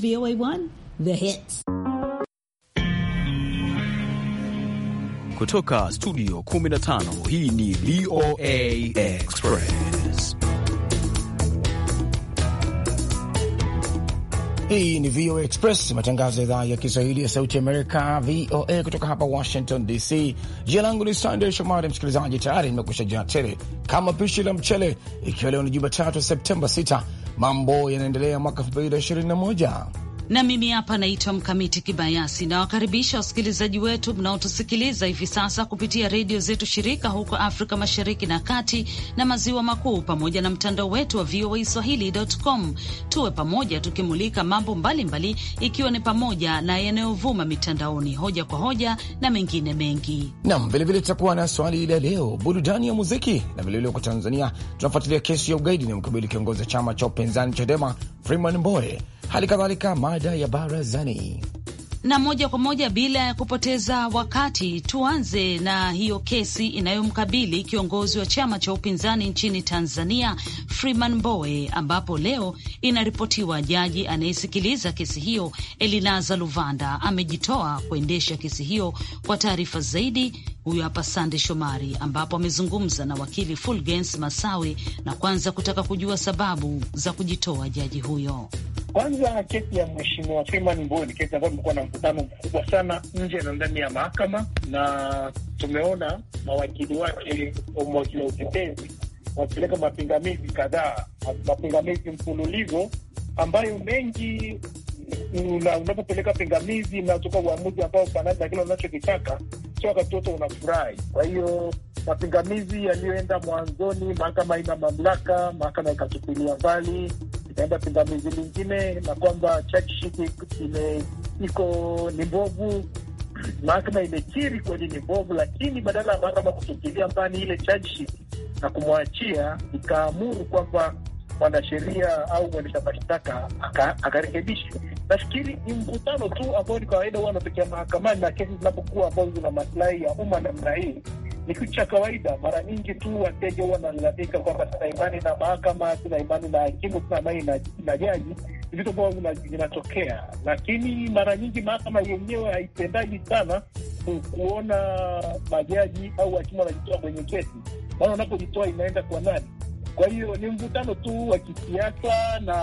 VOA1, the hits. Kutoka studio 15 hii ni VOA Express. Hii ni VOA Express, matangazo ya idhaa ya Kiswahili ya sauti Amerika, VOA kutoka hapa Washington DC. Jina langu ni Sandey Shomari. Msikilizaji, tayari nimekusha jaa tele kama pishi la mchele, ikiwa leo ni Jumatatu Septemba 6 mambo yanaendelea mwaka 2021 na mimi hapa naitwa Mkamiti Kibayasi. Nawakaribisha wasikilizaji wetu mnaotusikiliza hivi sasa kupitia redio zetu shirika huko Afrika Mashariki na Kati na Maziwa Makuu, pamoja na mtandao wetu wa VOA Swahili.com. Tuwe pamoja tukimulika mambo mbalimbali, mbali, ikiwa ni pamoja na yanayovuma mitandaoni, hoja kwa hoja na mengine mengi. Nam, vilevile tutakuwa na swali la leo, burudani ya muziki, na vilevile huko Tanzania tunafuatilia kesi ya ugaidi inayomkabili kiongozi wa chama cha upinzani Chadema Freeman Mbowe, hali kadhalika baada ya barazani na moja kwa moja bila ya kupoteza wakati, tuanze na hiyo kesi inayomkabili kiongozi wa chama cha upinzani nchini Tanzania, Freeman Mbowe, ambapo leo inaripotiwa jaji anayesikiliza kesi hiyo Elinaza Luvanda amejitoa kuendesha kesi hiyo. Kwa taarifa zaidi, huyo hapa Sande Shomari, ambapo amezungumza na wakili Fulgens Masawe na kwanza kutaka kujua sababu za kujitoa jaji huyo. Kwanza kesi ya mheshimiwa Freeman Mbowe ni kesi ambayo imekuwa na mkutano mkubwa sana nje na ndani ya mahakama, na tumeona mawakili wake, mawakili wa utetezi wakipeleka mapingamizi kadhaa, mapingamizi mfululizo ambayo mengi, unapopeleka pingamizi mnatoka uamuzi ambao fanani na kile unachokitaka ukiwa katoto unafurahi. Kwa hiyo mapingamizi yaliyoenda mwanzoni, mahakama ina mamlaka, mahakama ikachukulia mbali, ikaenda pingamizi lingine, na kwamba iko ni mbovu mahakama imekiri kweli ni mbovu, lakini badala ya mahakama kutupilia mbali ile charge sheet na kumwachia, ikaamuru kwamba mwanasheria au mwendesha mashtaka akarekebishe. Nafikiri ni mkutano tu ambao ni kawaida huwa anatokea mahakamani na kesi zinapokuwa ambazo zina maslahi ya umma namna hii ni kitu cha kawaida. Mara nyingi tu wateja huwa wanalalamika kwamba sina imani na mahakama, sina imani na hakimu, sina imani na, na jaji. Ni vitu ambavyo vinatokea, lakini mara nyingi mahakama yenyewe haitendaji sana kuona majaji au hakimu wanajitoa kwenye kesi, maana wanapojitoa inaenda kwa nani? Kwa hiyo ni mvutano tu wa kisiasa na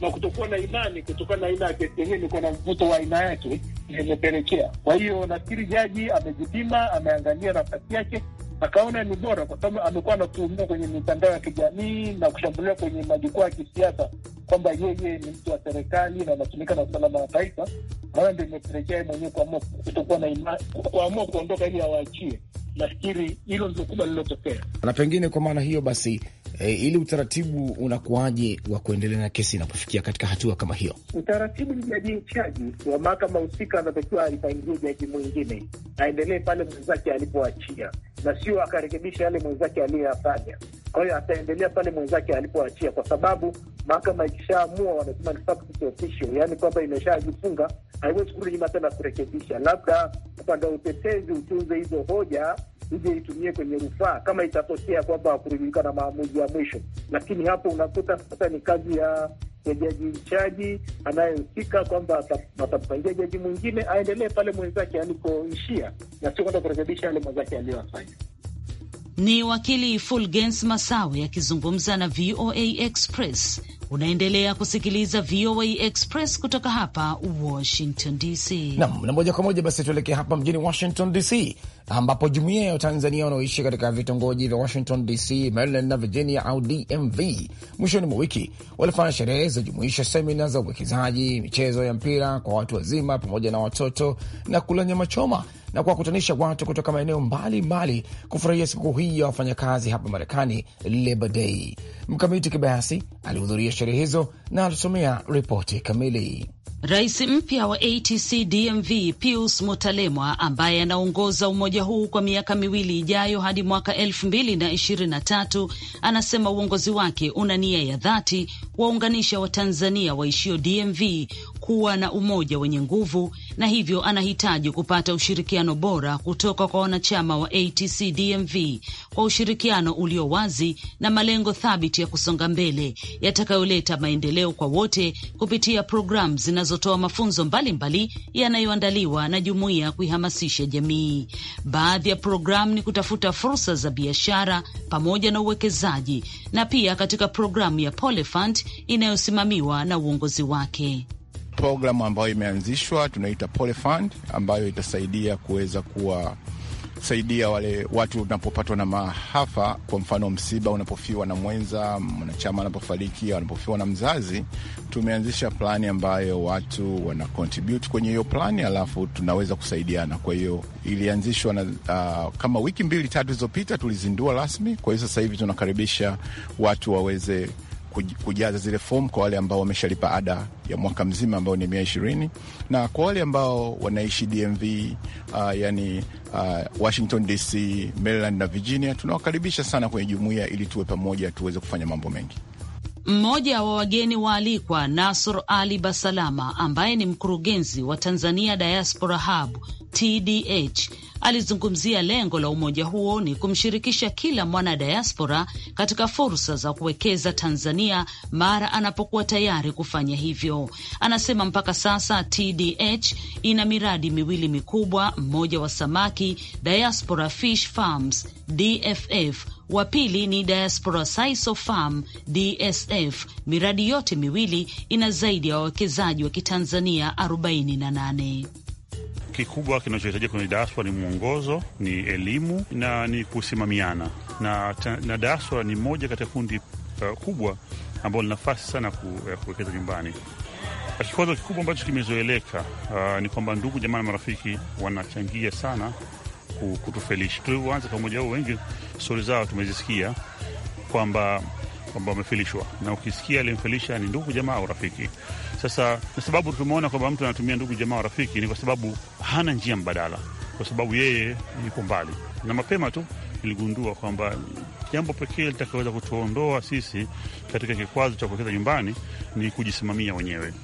na kutokuwa na imani kutokana na aina ya kesi yenyewe, ilikuwa na mvuto wa aina yake imepelekea. Kwa hiyo nafikiri jaji amejipima, ameangalia nafasi yake akaona ni bora, kwa sababu amekuwa anatuhumiwa kwenye mitandao ya kijamii na kushambuliwa kwenye majukwaa ya kisiasa kwamba yeye ni mtu wa serikali na anatumika na usalama wa taifa. Naona ndo imepelekea mwenyewe kuamua kutokuwa na imani, kuamua kuondoka ili awaachie. Nafikiri hilo ndio kubwa lililotokea, na pengine kwa maana hiyo basi e, ili utaratibu unakuwaje wa kuendelea na kesi inapofikia katika hatua kama hiyo? Utaratibu ni jaji mchaji wa mahakama husika anatakiwa alipangie jaji mwingine aendelee pale mwenzake alipoachia, na sio akarekebisha yale mwenzake aliyoyafanya. Kwa hiyo ataendelea pale mwenzake alipoachia, kwa sababu mahakama ikishaamua, wanasema ni yaani kwamba imeshajifunga, haiwezi kurudi nyuma tena kurekebisha. Labda upande wa utetezi utunze hizo hoja hivyo itumie kwenye rufaa kama itatokea kwamba hakuridhika na maamuzi ya mwisho. Lakini hapo unakuta sasa ni kazi ya jaji mchaji anayehusika kwamba atampangia jaji mwingine aendelee pale mwenzake alikoishia, na sio kwenda kurekebisha yale mwenzake aliyoyafanya. Ni wakili Fulgens Masawe akizungumza na VOA Express. Unaendelea kusikiliza VOA Express kutoka hapa Washington DC. Nam na moja kwa moja basi tuelekee hapa mjini Washington DC, ambapo jumuiya ya Watanzania wanaoishi katika vitongoji vya Washington DC, Maryland na Virginia au DMV mwishoni mwa wiki walifanya sherehe jumuisha semina za uwekezaji, michezo ya mpira kwa watu wazima pamoja na watoto na kula nyama choma na kuwakutanisha watu kutoka maeneo mbalimbali kufurahia sikukuu hii ya wafanyakazi hapa Marekani, Labor Day. Mkamiti Kibayasi alihudhuria sherehe hizo na alisomea ripoti kamili. Rais mpya wa ATC DMV Pius Mutalemwa, ambaye anaongoza umoja huu kwa miaka miwili ijayo hadi mwaka elfu mbili na ishirini na tatu, anasema uongozi wake una nia ya dhati kuwaunganisha Watanzania waishio DMV kuwa na umoja wenye nguvu, na hivyo anahitaji kupata ushirikiano bora kutoka kwa wanachama wa ATC DMV kwa ushirikiano ulio wazi na malengo thabiti ya kusonga mbele yatakayoleta maendeleo kwa wote kupitia programu zina zinazotoa mafunzo mbalimbali yanayoandaliwa na jumuiya kuihamasisha jamii. Baadhi ya programu ni kutafuta fursa za biashara pamoja na uwekezaji, na pia katika programu ya Polefund inayosimamiwa na uongozi wake programu ambayo imeanzishwa tunaita Polefund ambayo itasaidia kuweza kuwa kusaidia wale watu unapopatwa na maafa, kwa mfano msiba, unapofiwa na mwenza, mwanachama anapofariki, anapofiwa na mzazi. Tumeanzisha plani ambayo watu wana contribute kwenye hiyo plani, alafu tunaweza kusaidiana. Kwa hiyo ilianzishwa na uh, kama wiki mbili tatu zilizopita tulizindua rasmi. Kwa hiyo sasa hivi tunakaribisha watu waweze kujaza zile fomu kwa wale ambao wameshalipa ada ya mwaka mzima ambao ni mia ishirini na kwa wale ambao wanaishi DMV uh, yani uh, Washington DC, Maryland na Virginia, tunawakaribisha sana kwenye jumuiya ili tuwe pamoja tuweze kufanya mambo mengi. Mmoja wa wageni waalikwa nasr Ali Basalama ambaye ni mkurugenzi wa Tanzania Diaspora Hub TDH Alizungumzia lengo la umoja huo ni kumshirikisha kila mwana diaspora katika fursa za kuwekeza Tanzania mara anapokuwa tayari kufanya hivyo. Anasema mpaka sasa TDH ina miradi miwili mikubwa, mmoja wa samaki Diaspora Fish Farms DFF wa pili ni Diaspora Saiso Farm DSF. Miradi yote miwili ina zaidi ya wawekezaji wa Kitanzania 48 kikubwa kinachohitajika kwenye DASWA ni mwongozo, ni elimu na ni kusimamiana na, na DASWA ni moja katika kundi uh, kubwa ambalo ni nafasi sana ku, uh, kuwekeza nyumbani. Kikwazo kikubwa ambacho kimezoeleka uh, ni kwamba ndugu jamaa na marafiki wanachangia sana kutufelisha. Tulivyoanza pamoja umoja huu, wengi stori zao tumezisikia kwamba kwamba wamefilishwa, na ukisikia alimfilisha ni ndugu jamaa au rafiki. Sasa na sababu tumeona kwamba mtu anatumia ndugu jamaa au rafiki ni kwa sababu hana njia mbadala, kwa sababu yeye yuko mbali na mapema tu niligundua kwamba jambo pekee litakaweza kutuondoa sisi katika kikwazo cha kuwekeza nyumbani ni kujisimamia wenyewe.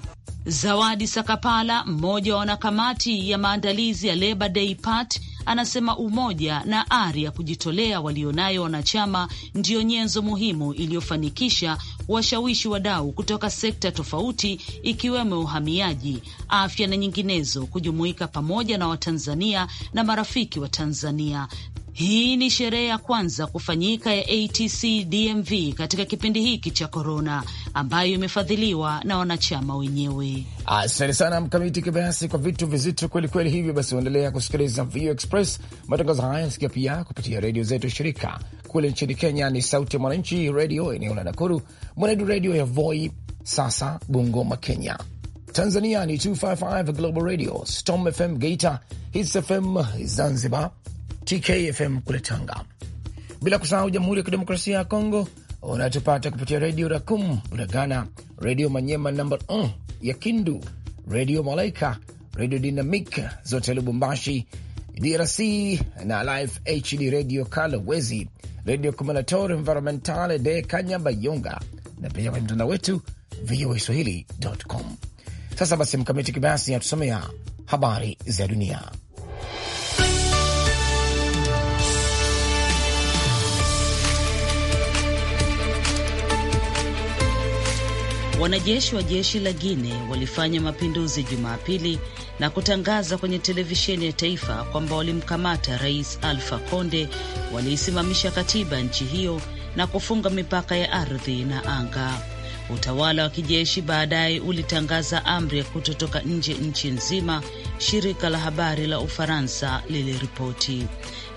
Zawadi Sakapala, mmoja wa wanakamati ya maandalizi ya Labor Day Party anasema umoja na ari ya kujitolea walionayo wanachama ndiyo nyenzo muhimu iliyofanikisha washawishi wadau kutoka sekta tofauti ikiwemo uhamiaji, afya na nyinginezo kujumuika pamoja na Watanzania na marafiki wa Tanzania. Hii ni sherehe ya kwanza kufanyika ya ATC DMV katika kipindi hiki cha korona ambayo imefadhiliwa na wanachama wenyewe. Asante sana Mkamiti Kibayasi kwa vitu vizito kwelikweli. Hivyo basi, unaendelea kusikiliza VOA Express. Matangazo haya yanasikia pia kupitia redio zetu shirika. Kule nchini Kenya ni Sauti ya Mwananchi redio eneo la Nakuru, Mwenedu redio ya Voi, sasa Bungoma Kenya. Tanzania ni 255 Global Radio, Storm FM Geita, Hits FM Zanzibar, TKFM kule Tanga, bila kusahau Jamhuri ya Kidemokrasia ya Kongo unatupata kupitia redio Rakum Bunagana, redio Manyema namba ya Kindu, redio Malaika, redio Dinamik zote Lubumbashi, DRC na Life HD Radio Kalawezi, Radio Communautaire Environnementale de Kanyabayonga na pia kwenye mtandao wetu VOA Swahili.com. Sasa basi, Mkamiti Kibayasi atusomea habari za dunia. Wanajeshi wa jeshi la Guine walifanya mapinduzi Jumapili na kutangaza kwenye televisheni ya taifa kwamba walimkamata Rais alfa Konde, waliisimamisha katiba nchi hiyo na kufunga mipaka ya ardhi na anga. Utawala wa kijeshi baadaye ulitangaza amri ya kutotoka nje nchi nzima, shirika la habari la Ufaransa liliripoti.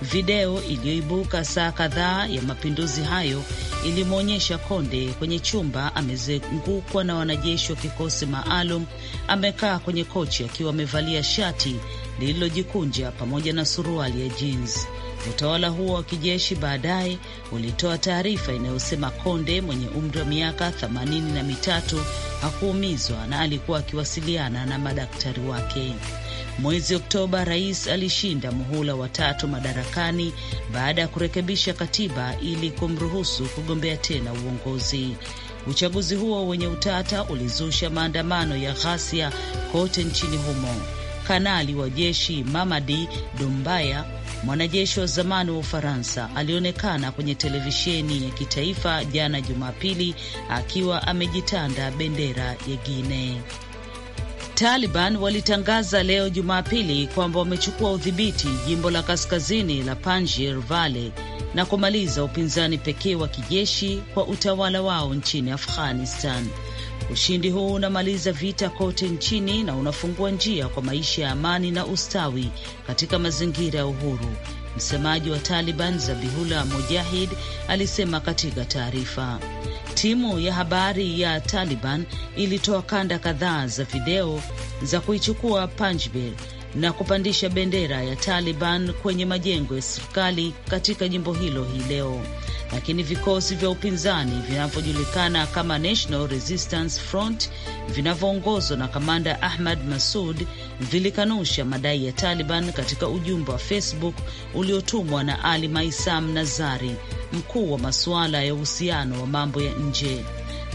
Video iliyoibuka saa kadhaa ya mapinduzi hayo ilimwonyesha Konde kwenye chumba amezungukwa na wanajeshi wa kikosi maalum. Amekaa kwenye kochi akiwa amevalia shati lililojikunja pamoja na suruali ya jeans. Utawala huo wa kijeshi baadaye ulitoa taarifa inayosema Konde mwenye umri wa miaka themanini na mitatu hakuumizwa na alikuwa akiwasiliana na madaktari wake. Mwezi Oktoba, rais alishinda muhula wa tatu madarakani baada ya kurekebisha katiba ili kumruhusu kugombea tena uongozi. Uchaguzi huo wenye utata ulizusha maandamano ya ghasia kote nchini humo. Kanali wa jeshi Mamadi Dombaya, mwanajeshi wa zamani wa Ufaransa, alionekana kwenye televisheni ya kitaifa jana Jumapili akiwa amejitanda bendera ya Guinea. Taliban walitangaza leo Jumapili kwamba wamechukua udhibiti jimbo la kaskazini la Panjir Valley na kumaliza upinzani pekee wa kijeshi kwa utawala wao nchini Afghanistan. Ushindi huu unamaliza vita kote nchini na unafungua njia kwa maisha ya amani na ustawi katika mazingira ya uhuru, msemaji wa Taliban Zabihullah Mujahid alisema katika taarifa. Timu ya habari ya Taliban ilitoa kanda kadhaa za video za kuichukua Panjshir na kupandisha bendera ya Taliban kwenye majengo ya serikali katika jimbo hilo hii leo, lakini vikosi vya upinzani vinavyojulikana kama National Resistance Front vinavyoongozwa na kamanda Ahmad Masud vilikanusha madai ya Taliban katika ujumbe wa Facebook uliotumwa na Ali Maisam Nazari, mkuu wa masuala ya uhusiano wa mambo ya nje.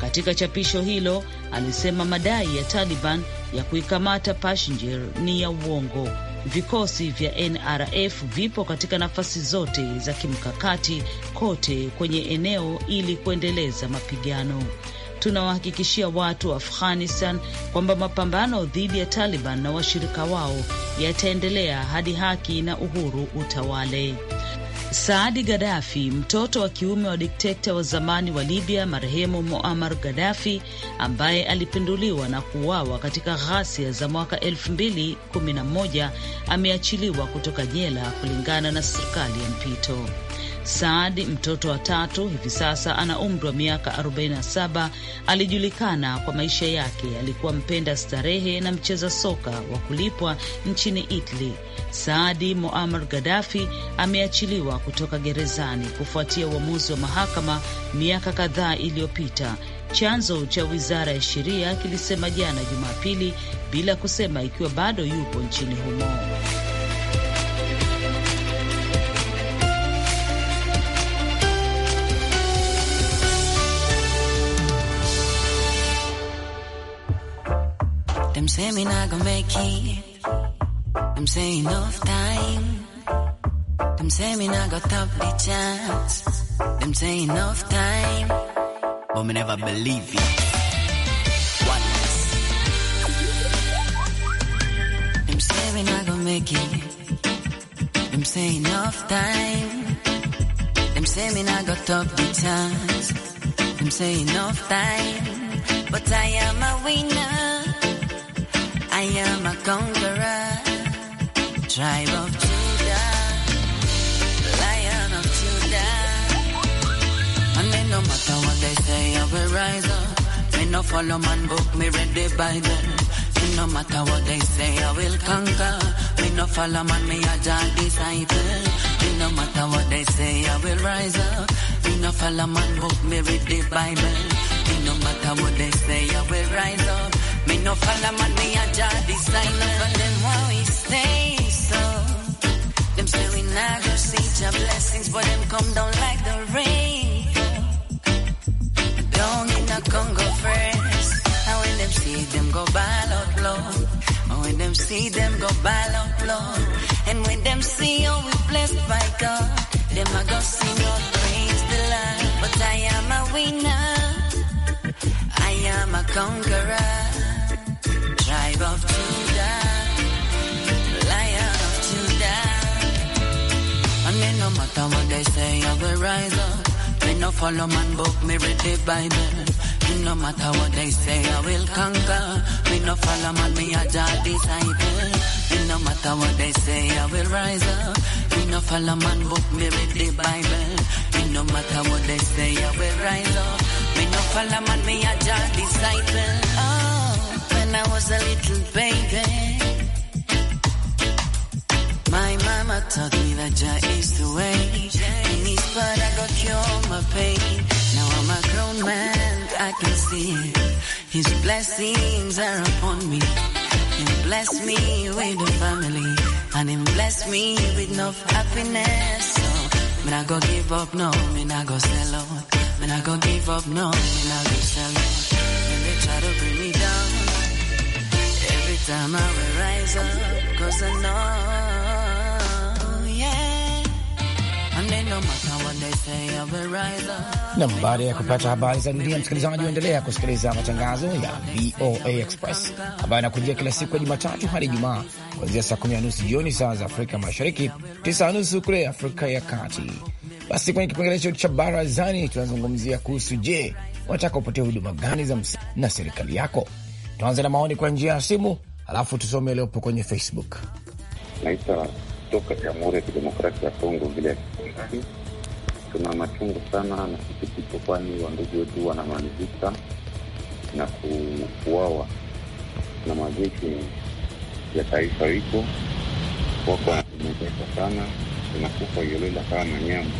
Katika chapisho hilo alisema madai ya Taliban ya kuikamata Passenger ni ya uongo. Vikosi vya NRF vipo katika nafasi zote za kimkakati kote kwenye eneo ili kuendeleza mapigano. Tunawahakikishia watu wa Afghanistan kwamba mapambano dhidi ya Taliban na washirika wao yataendelea hadi haki na uhuru utawale. Saadi gadafi mtoto wa kiume wa dikteta wa zamani wa Libya marehemu Muammar Gadafi, ambaye alipinduliwa na kuuawa katika ghasia za mwaka 2011 ameachiliwa kutoka jela kulingana na serikali ya mpito. Saadi, mtoto wa tatu, hivi sasa ana umri wa miaka 47. Alijulikana kwa maisha yake, alikuwa mpenda starehe na mcheza soka wa kulipwa nchini Italy. Saadi Muammar Gaddafi ameachiliwa kutoka gerezani kufuatia uamuzi wa mahakama miaka kadhaa iliyopita. Chanzo cha wizara ya sheria kilisema jana Jumapili, bila kusema ikiwa bado yupo nchini humo. Them say me not gonna make it. Them say enough time. Them say me not gonna top the chance. Them say enough time. But me never believe it. Once. Them say me not gonna make it. Them say enough time. Them say me not gonna top the chance. Them say enough time. But I am a winner. I am a conqueror, tribe of Judah, lion of Judah. And it no matter what they say, I will rise up. Me no follow man book, me read the Bible. Me no matter what they say, I will conquer. Me no follow man, me a jack disciple. Me no matter what they say, I will rise up. Me no follow man book, me read the Bible. Me no matter what they say, I will rise up. Me no fall man, me a jar designer. But them why we stay so. Them say we not go see your blessings, but them come down like the rain. Down in the Congo first. And when them see them go ballot out And when them see them go ballot out And when them see oh we blessed by God. Them I go see no praise the Lord. But I am a winner. I am a conqueror about Judah, Lion of Judah. And then no matter what they say, I will rise up. Me no follow man book, me read the Bible. It no matter what they say, I will conquer. Me no follow man, me a Jah disciple. It no matter what they say, I will rise up. Me no follow man book, me read the Bible. It no matter what they say, I will rise up. Me no follow man, me a Jah disciple. Oh when I was a little baby. My mama taught me that Jah is the way. In His blood I got cure my pain. Now I'm a grown man, I can see it. His blessings are upon me. He blessed me with a family, and He blessed me with enough happiness. So, me not go give up, no, me not go sell out. Me not go give up, no, me not go sell out. When they try to bring time I will rise up, cause I know, yeah. nam baada ya kupata habari za dunia, msikilizaji, waendelea kusikiliza matangazo ya VOA Express ambayo anakujia kila siku ya Jumatatu hadi Ijumaa kuanzia saa kumi na nusu jioni saa za Afrika Mashariki, tisa na nusu kule Afrika ya Kati. Basi kwenye kipengele chetu cha barazani tunazungumzia kuhusu, je, unataka upatia huduma gani za msingi na serikali yako? Tuanze na maoni kwa njia ya simu halafu tusome yaliyopo kwenye Facebook. Naitwa toka Jamhuri ya Kidemokrasia ya Kongo, vile tuna machungu sana na kisikito, kwani wandugu wetu wanamalizika na kuuawa na majeshi ya taifa, wiko wako wanatumezeka sana, tunakufa iolela kama manyama,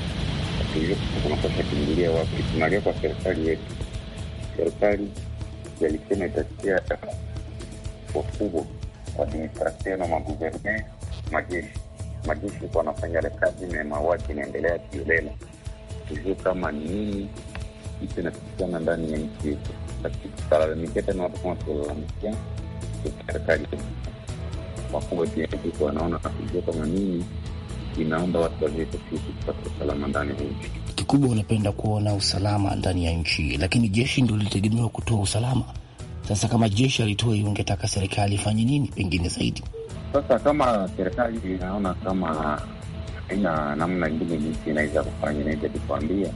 tunakosa kimbilia wapi? Tunalia kwa serikali yetu. Serikali yalisema itasikia kubwa wakubwa waadministrasiona, maguverne, majeshi majeshi kwa wanafanya kazi na mauaji inaendelea kiolela. Tujue kama ni nini kitu inapitikana ndani ya nchi yetu, tutalalamikia tena watu kama tulalamikia serikali wakubwa pia wanaona kujua kama nini inaomba watu wavietesisi kupata usalama ndani ya nchi. Kikubwa unapenda kuona usalama ndani ya nchi, lakini jeshi ndio lilitegemewa kutoa usalama sasa kama jeshi hiyo, ungetaka serikali ifanye nini pengine zaidi? Sasa kama serikali inaona kama haina namna ingine jinsi inaweza kufanya, inaweza kutuambia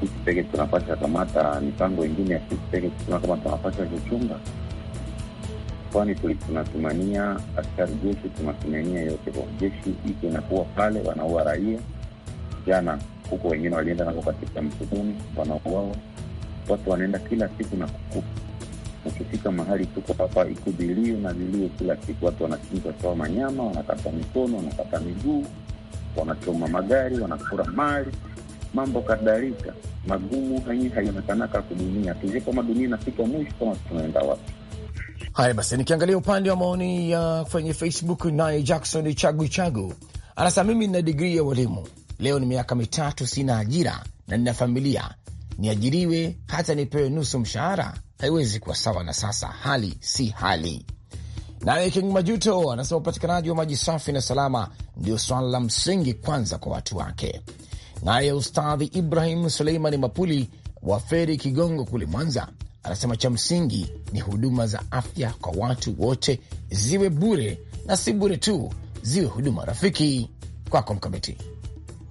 sisi peke tunapasha kamata mipango ingine, sisi peke tuna kama tunapasha kuchunga, kwani tunatumania askari jeshi, tunatumania yote kwa jeshi hiki, nakuwa pale wanaua raia jana huko, wengine walienda nako katika msuguni, wanauawa watu, wanaenda kila siku na kukufa Ukifika mahali tuko hapa ikubiliu na vilio kila siku, watu wanachinja kwa manyama, wanakata mikono, wanakata miguu, wanachoma magari, wanakura mali, mambo kadhalika magumu. hai haionekanaka kudunia tuzipo madunia inafika mwisho, kama tunaenda wapi? Haya basi, nikiangalia upande wa maoni ya kwenye Facebook, naye Jackson Chagu Chagu anasema mimi nina digrii ya ualimu, leo ni miaka mitatu sina ajira na nina familia niajiriwe hata nipewe nusu mshahara, haiwezi kuwa sawa na sasa. Hali si hali. Naye King Majuto anasema upatikanaji wa maji safi na salama ndio swala la msingi kwanza kwa watu wake. Naye Ustadhi Ibrahim Suleimani Mapuli wa Feri Kigongo kule Mwanza anasema cha msingi ni huduma za afya kwa watu wote ziwe bure, na si bure tu, ziwe huduma rafiki. Kwako Mkamiti.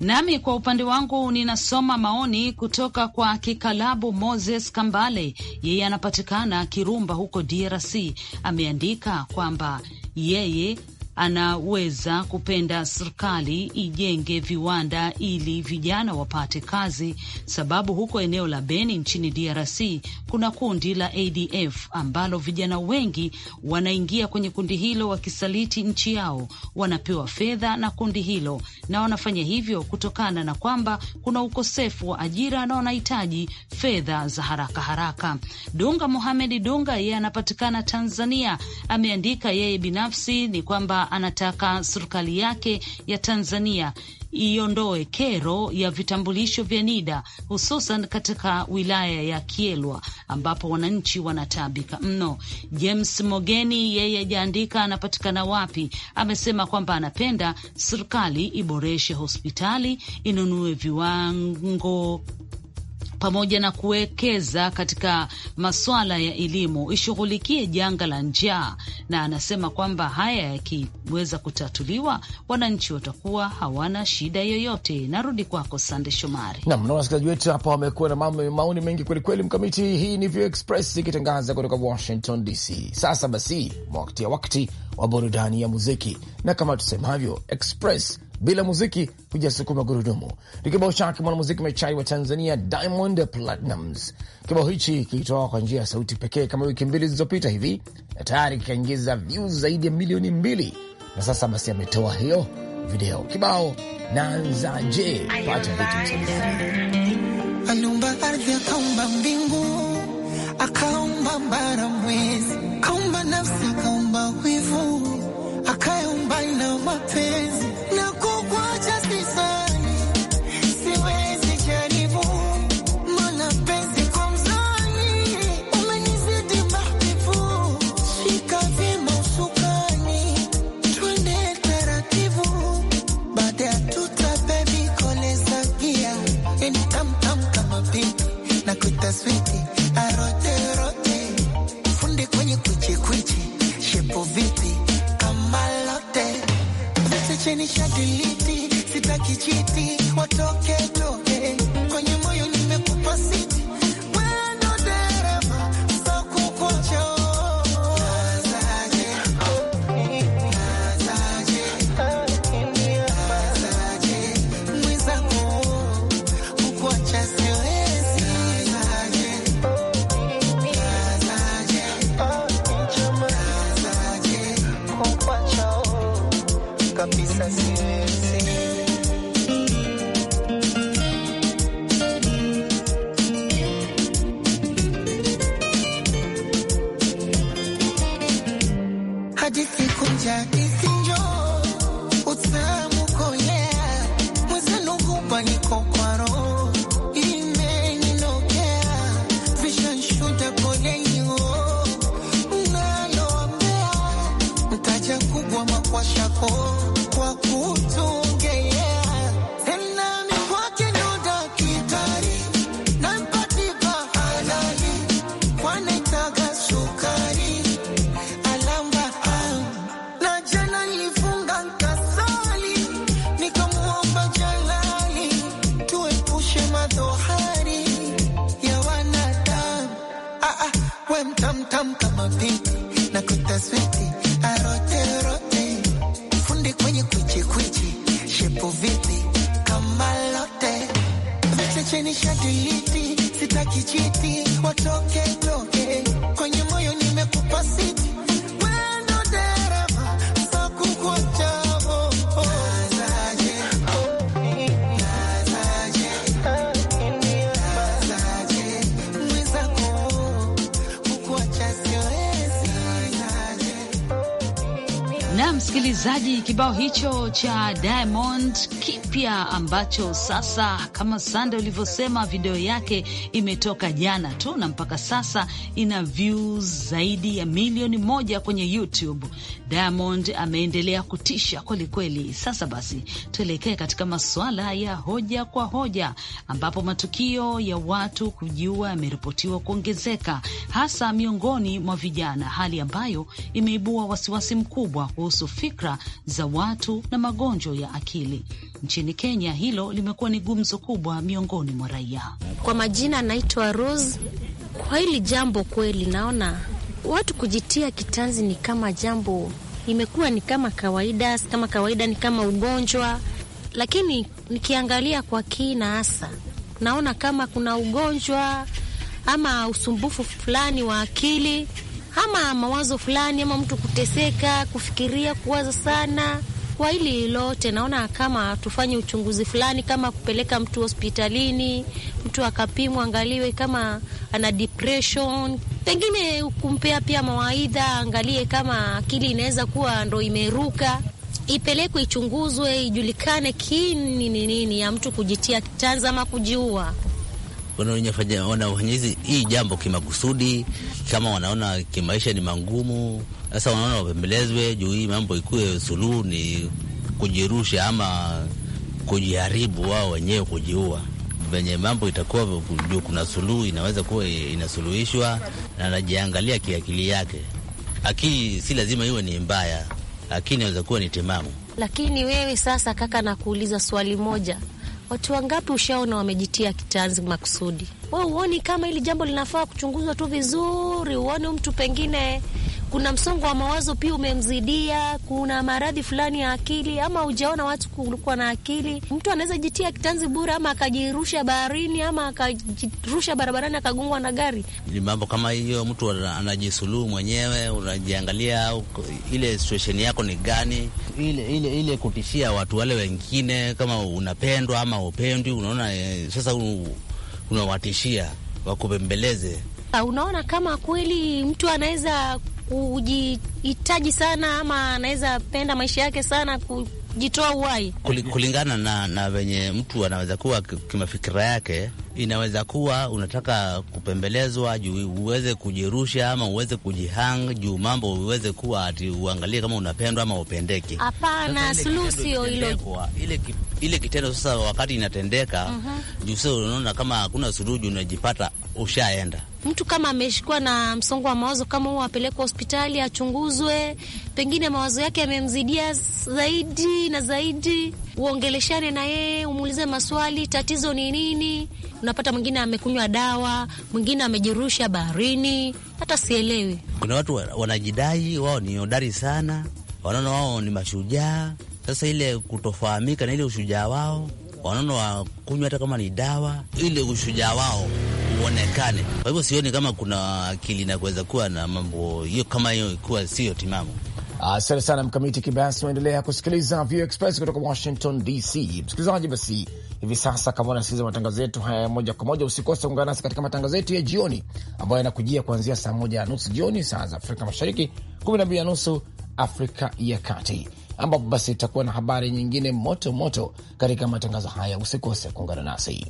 Nami kwa upande wangu ninasoma maoni kutoka kwa Kikalabu Moses Kambale, yeye anapatikana Kirumba huko DRC. Ameandika kwamba yeye anaweza kupenda serikali ijenge viwanda ili vijana wapate kazi, sababu huko eneo la Beni nchini DRC kuna kundi la ADF ambalo vijana wengi wanaingia kwenye kundi hilo wakisaliti nchi yao, wanapewa fedha na kundi hilo, na wanafanya hivyo kutokana na kwamba kuna ukosefu wa ajira na wanahitaji fedha za haraka haraka. Dunga Mohamed Dunga, yeye anapatikana Tanzania, ameandika yeye binafsi ni kwamba anataka serikali yake ya Tanzania iondoe kero ya vitambulisho vya NIDA hususan katika wilaya ya kielwa ambapo wananchi wanataabika mno. James Mogeni yeye ajaandika anapatikana wapi, amesema kwamba anapenda serikali iboreshe hospitali, inunue viwango pamoja na kuwekeza katika masuala ya elimu ishughulikie janga la njaa, na anasema kwamba haya yakiweza kutatuliwa, wananchi watakuwa hawana shida yoyote. Narudi kwako Sande Shomari. Nam na wasikilizaji wetu hapa wamekuwa na mambo maoni mengi kwelikweli. Mkamiti, hii ni Vio Express ikitangaza kutoka Washington DC. Sasa basi, mwakti ya wakati wa burudani ya muziki, na kama tusemavyo Express bila muziki hujasukuma gurudumu. Ni kibao chake mwanamuziki machai wa Tanzania Diamond Platnumz. Kibao hichi kilitoka kwa njia ya sauti pekee kama wiki mbili zilizopita hivi, na tayari kikaingiza views zaidi ya milioni mbili, na sasa basi ametoa hiyo video kibao je Pata aumba ardhi, akaumba mbingu, akaumba bara, mwezi, akaumba nafsi, akaumba wivu, akaumba na mapenzi shepu vipi kama lote mtacheni shadiliti sitaki watoke toke kwenye moyo nimekupa sita msikilizaji, kibao hicho cha Diamond kipya ambacho sasa, kama Sande ulivyosema, video yake imetoka jana tu na mpaka sasa ina views zaidi ya milioni moja kwenye YouTube. Diamond ameendelea kutisha kwelikweli. Sasa basi, tuelekee katika masuala ya hoja kwa hoja, ambapo matukio ya watu kujiua yameripotiwa kuongezeka hasa miongoni mwa vijana, hali ambayo imeibua wasiwasi mkubwa kuhusu fikra za watu na magonjwa ya akili. Nchini Kenya hilo limekuwa ni gumzo kubwa miongoni mwa raia. Kwa majina anaitwa Rose. Kwa hili jambo kweli, naona watu kujitia kitanzi ni kama jambo imekuwa ni kama kawaida, kama kawaida, ni kama ugonjwa. Lakini nikiangalia kwa kina, hasa naona kama kuna ugonjwa ama usumbufu fulani wa akili ama mawazo fulani ama mtu kuteseka, kufikiria, kuwaza sana kwa hili lote naona kama tufanye uchunguzi fulani, kama kupeleka mtu hospitalini, mtu akapimwa, angaliwe kama ana depression, pengine kumpea pia mawaidha, angalie kama akili inaweza kuwa ndo imeruka, ipelekwe, ichunguzwe, ijulikane kini ni nini ya mtu kujitia kitanzi ama kujiua wanaonyezi hii jambo kimakusudi, kama wanaona kimaisha ni mangumu. Sasa wanaona wapembelezwe juu hii mambo ikuwe suluhu ni kujirusha ama kujiharibu wao wenyewe, kujiua venye mambo itakuwa juu kuna suluhu inaweza kuwa inasuluhishwa, na anajiangalia kiakili yake. Akili si lazima iwe ni mbaya, lakini inaweza kuwa ni timamu. Lakini wewe sasa, kaka, nakuuliza swali moja Watu wangapi ushaona wamejitia kitanzi makusudi? We uoni kama hili jambo linafaa kuchunguzwa tu vizuri, uone mtu pengine kuna msongo wa mawazo pia umemzidia, kuna maradhi fulani ya akili, ama ujaona watu kulikuwa na akili. Mtu anaweza jitia kitanzi bure, ama akajirusha baharini, ama akajirusha barabarani, akagongwa na gari. Ni mambo kama hiyo, mtu anajisuluhu mwenyewe, unajiangalia ile situesheni yako ni gani, ile ile ile kutishia watu wale wengine, kama unapendwa ama upendwi, unaona e, sasa unawatishia wakubembeleze. Ah, unaona kama kweli mtu anaweza kujihitaji sana, ama anaweza penda maisha yake sana kujitoa uhai, kulingana na, na venye mtu anaweza kuwa kimafikira yake inaweza kuwa unataka kupembelezwa juu uweze kujirusha ama uweze kujihang juu mambo uweze kuwa ati uangalie kama unapendwa ama upendeki. Hapana, suluhu sio hilo, ile ile kitendo sasa wakati inatendeka. uh mhm. -huh. Juu sasa unaona kama hakuna suluhu, unajipata ushaenda. Mtu kama ameshikwa na msongo wa mawazo kama huo, apelekwa hospitali achunguzwe, pengine mawazo yake yamemzidia zaidi na zaidi. Uongeleshane na yeye, umuulize maswali, tatizo ni nini? Unapata mwingine amekunywa dawa, mwingine amejirusha baharini, hata sielewi. Kuna watu wanajidai wao ni hodari sana, wanaona wao ni mashujaa. Sasa ile kutofahamika na ile ushujaa wao, wanaona wakunywa hata kama ni dawa, ile ushujaa wao uonekane. Kwa hivyo sioni kama kuna akili na kuweza kuwa na mambo hiyo kama hiyo ikuwa siyo timamu. Asante sana Mkamiti Kibasi, Unaendelea kusikiliza VOA Express kutoka Washington DC. Msikilizaji, basi hivi sasa, kama unasikiliza matangazo yetu haya ya moja kwa moja, usikose kuungana nasi katika matangazo yetu ya jioni ambayo yanakujia kuanzia saa moja na nusu jioni saa za Afrika Mashariki, kumi na mbili na nusu Afrika ya Kati, ambapo basi itakuwa na habari nyingine moto moto katika matangazo haya. Usikose kuungana nasi.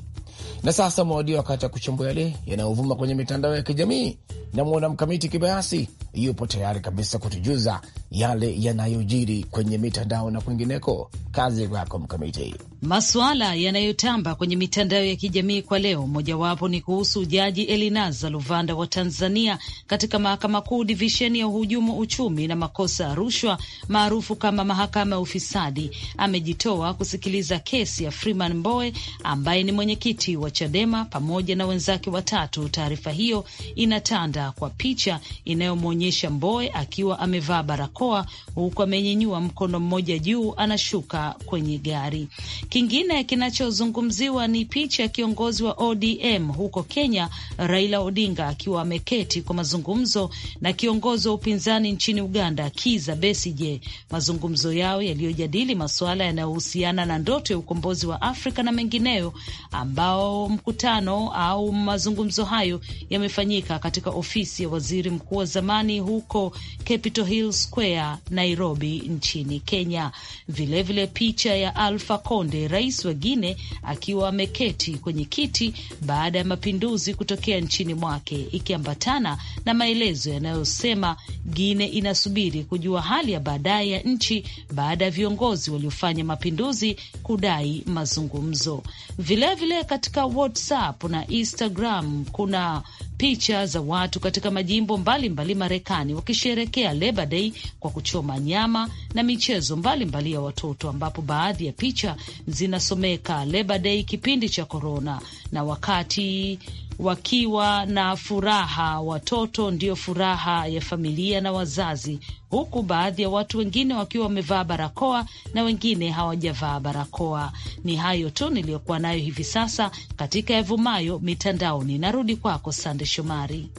Na sasa mwawadia wakati ya kuchambua yale yanayovuma kwenye mitandao ya kijamii. Namwona Mkamiti Kibayasi yupo tayari kabisa kutujuza yale yanayojiri kwenye mitandao na kwingineko. Kazi kwako Mkamiti. Masuala yanayotamba kwenye mitandao ya kijamii kwa leo, mojawapo ni kuhusu Jaji Elinaza Luvanda wa Tanzania katika Mahakama Kuu divisheni ya uhujumu uchumi na makosa ya rushwa maarufu kama mahakama ya ufisadi, amejitoa kusikiliza kesi ya Freeman Mbowe ambaye ni mwenyekiti wa Chadema pamoja na wenzake watatu. Taarifa hiyo inatanda kwa picha inayomwonyesha mboe akiwa amevaa barakoa huku amenyenyua mkono mmoja juu, anashuka kwenye gari. Kingine kinachozungumziwa ni picha ya kiongozi wa ODM huko Kenya, Raila Odinga akiwa ameketi kwa mazungumzo na kiongozi wa upinzani nchini Uganda, Kiza Besije. Mazungumzo yao yaliyojadili masuala yanayohusiana na ndoto ya ukombozi wa Afrika na mengineyo ambao ambao mkutano au mazungumzo hayo yamefanyika katika ofisi ya waziri mkuu wa zamani huko Capitol Hill Square, Nairobi nchini Kenya. Vilevile vile picha ya Alpha conde rais wa guine akiwa ameketi kwenye kiti baada ya mapinduzi kutokea nchini mwake, ikiambatana na maelezo yanayosema guine inasubiri kujua hali ya baadaye ya nchi baada ya viongozi waliofanya mapinduzi kudai mazungumzo. Vilevile katika katika WhatsApp na Instagram kuna picha za watu katika majimbo mbalimbali Marekani wakisherekea Labor Day kwa kuchoma nyama na michezo mbalimbali ya watoto, ambapo baadhi ya picha zinasomeka Labor Day kipindi cha korona na wakati wakiwa na furaha. Watoto ndio furaha ya familia na wazazi, huku baadhi ya watu wengine wakiwa wamevaa barakoa na wengine hawajavaa barakoa. Ni hayo tu niliyokuwa nayo hivi sasa katika yavumayo mitandaoni. Narudi kwako Sande Shomari.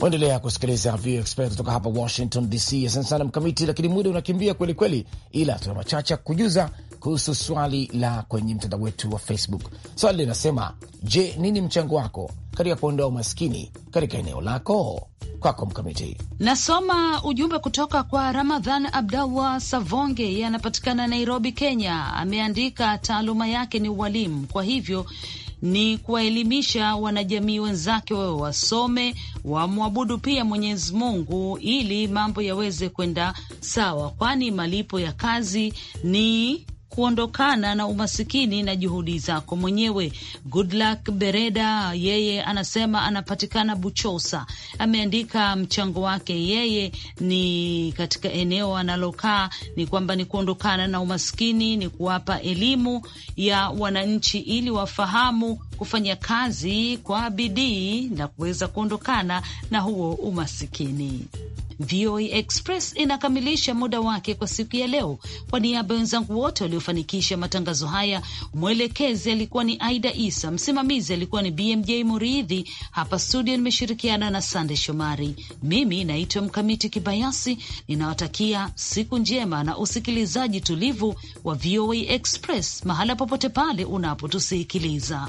Waendelea kusikiliza VOA Express kutoka hapa Washington DC. Asante sana Mkamiti, lakini muda unakimbia kwelikweli, ila tuna machache kujuza kuhusu swali la kwenye mtandao wetu wa Facebook. Swali linasema, je, nini mchango wako katika kuondoa umaskini katika eneo lako? Kwako Mkamiti. Nasoma ujumbe kutoka kwa Ramadhan Abdallah Savonge, yeye anapatikana Nairobi, Kenya. Ameandika taaluma yake ni ualimu, kwa hivyo ni kuwaelimisha wanajamii wenzake wawe wasome, wamwabudu pia Mwenyezi Mungu ili mambo yaweze kwenda sawa, kwani malipo ya kazi ni kuondokana na umasikini na juhudi zako mwenyewe. Goodluck Bereda yeye anasema anapatikana Buchosa, ameandika mchango wake yeye ni katika eneo analokaa ni kwamba ni kuondokana na umasikini ni kuwapa elimu ya wananchi ili wafahamu kufanya kazi kwa bidii na kuweza kuondokana na huo umasikini. VOA Express inakamilisha muda wake kwa siku ya leo. Kwa niaba ya wenzangu wote waliofanikisha matangazo haya, mwelekezi alikuwa ni Aida Isa, msimamizi alikuwa ni BMJ Muridhi. Hapa studio nimeshirikiana na Sande Shomari. Mimi naitwa Mkamiti Kibayasi, ninawatakia siku njema na usikilizaji tulivu wa VOA Express mahala popote pale unapotusikiliza.